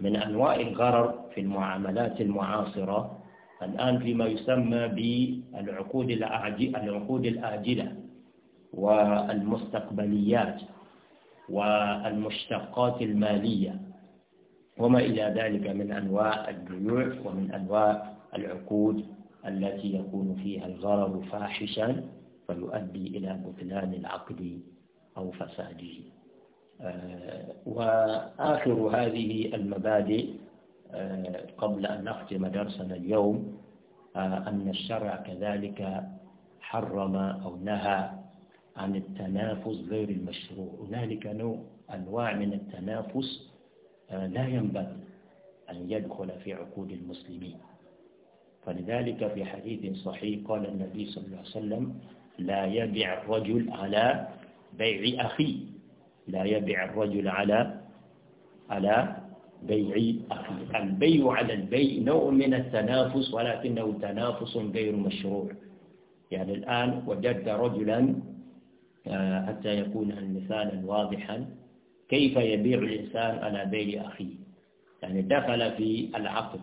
من أنواع الغرر في المعاملات المعاصرة الآن فيما يسمى بالعقود العقود الآجلة والمستقبليات والمشتقات المالية وما إلى ذلك من أنواع البيوع ومن أنواع العقود التي يكون فيها الغرر فاحشا فيؤدي إلى بطلان العقد أو فساده آه، وآخر هذه المبادئ آه، قبل أن نختم درسنا اليوم آه، أن الشرع كذلك حرم أو نهى عن التنافس غير المشروع هنالك نوع أنواع من التنافس لا ينبغي أن يدخل في عقود المسلمين فلذلك في حديث صحيح قال النبي صلى الله عليه وسلم لا يبيع الرجل على بيع أخيه لا يبيع الرجل على على بيع أخيه البيع على البيع نوع من التنافس ولكنه تنافس غير مشروع يعني الآن وجد رجلا آه، حتى يكون المثال واضحا كيف يبيع الإنسان على بيع أخيه يعني دخل في العقد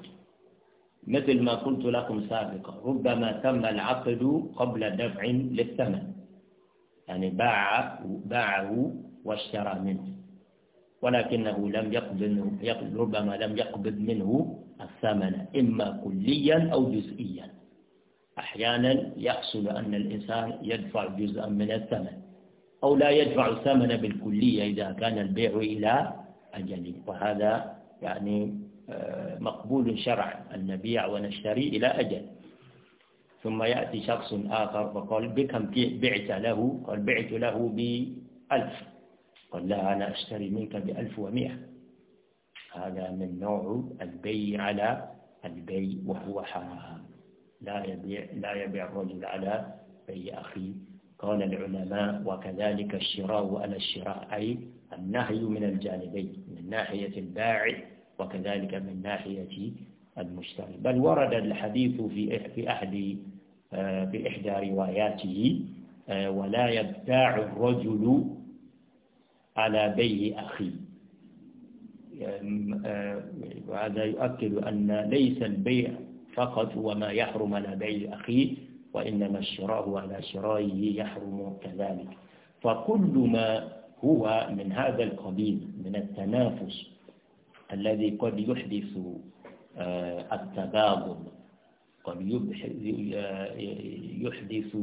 مثل ما قلت لكم سابقا ربما تم العقد قبل دفع للثمن يعني باع باعه واشترى منه ولكنه لم يقبض ربما لم يقبض منه الثمن إما كليا أو جزئيا أحيانا يحصل أن الإنسان يدفع جزءا من الثمن أو لا يدفع الثمن بالكلية إذا كان البيع إلى أجل وهذا يعني آه، مقبول شرعا أن نبيع ونشتري إلى أجل ثم يأتي شخص آخر فقال بكم بعت له قال بعت له بألف قال لا أنا أشتري منك بألف ومئة هذا من نوع البيع على البيع وهو حرام لا يبيع, لا يبيع الرجل على بيع أخيه قال العلماء وكذلك الشراء على الشراء أي النهي من الجانبين من ناحية الباع وكذلك من ناحية المشتري بل ورد الحديث في في أحد في آه، إحدى رواياته آه، ولا يبتاع الرجل على بيع أخيه آه، وهذا يؤكد أن ليس البيع فقط هو ما يحرم على بيع أخيه وإنما الشراء على شرائه يحرم كذلك فكل ما هو من هذا القبيل من التنافس الذي قد يحدث التباغض قد يحدث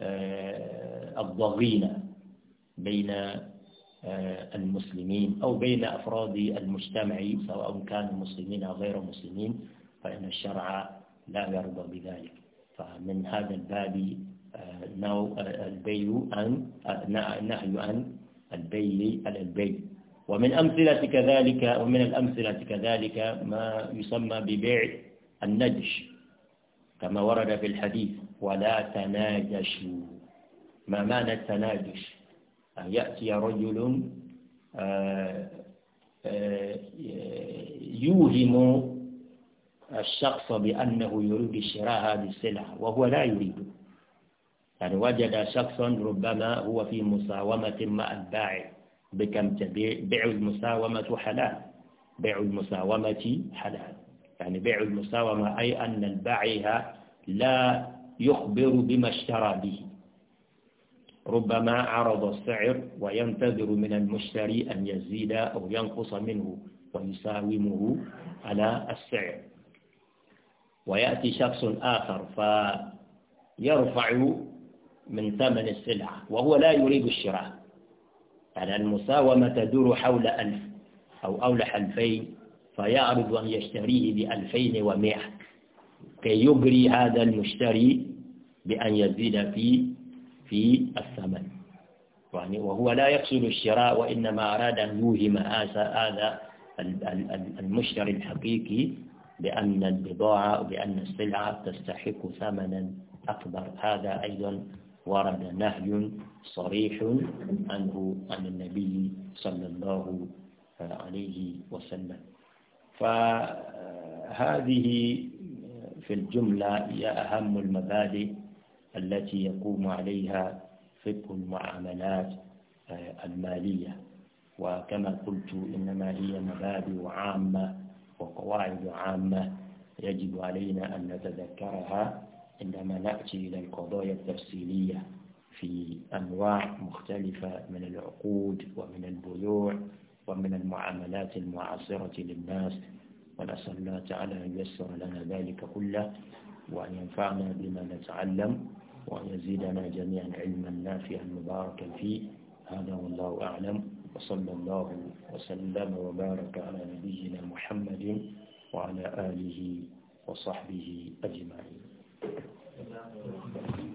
آه، الضغينة بين آه، المسلمين أو بين أفراد المجتمع سواء كانوا مسلمين أو غير مسلمين فإن الشرع لا يرضى بذلك فمن هذا الباب آه، البيع أن نهي عن البيع على البيع ومن أمثلة كذلك ومن الأمثلة كذلك ما يسمى ببيع النجش كما ورد في الحديث ولا تناجشوا ما معنى التناجش أن يأتي رجل آه، آه، يوهم الشخص بأنه يريد شراء هذه السلعة وهو لا يريد يعني وجد شخصا ربما هو في مساومة مع البائع بكم تبيع بيع المساومة حلال بيع المساومة حلال يعني بيع المساومة أي أن البائع لا يخبر بما اشترى به ربما عرض السعر وينتظر من المشتري أن يزيد أو ينقص منه ويساومه على السعر ويأتي شخص آخر فيرفع من ثمن السلعة وهو لا يريد الشراء يعني المساومة تدور حول ألف أو أول حلفين فيعرض أن يشتريه بألفين ومئة كي يجري هذا المشتري بأن يزيد في في الثمن يعني وهو لا يقصد الشراء وإنما أراد أن يوهم هذا المشتري الحقيقي بأن البضاعة بأن السلعة تستحق ثمنا أكبر هذا أيضا ورد نهي صريح عنه عن النبي صلى الله عليه وسلم فهذه في الجملة هي أهم المبادئ التي يقوم عليها فقه المعاملات آه، المالية وكما قلت إنما هي مبادئ عامة وقواعد عامة يجب علينا أن نتذكرها عندما نأتي إلى القضايا التفصيلية في أنواع مختلفة من العقود ومن البيوع ومن المعاملات المعاصرة للناس ونسأل الله تعالى أن يسر لنا ذلك كله وأن ينفعنا بما نتعلم وأن يزيدنا جميعا علما نافعا مباركا فيه هذا والله أعلم وصلى الله وسلم وبارك على نبينا محمد وعلى آله وصحبه أجمعين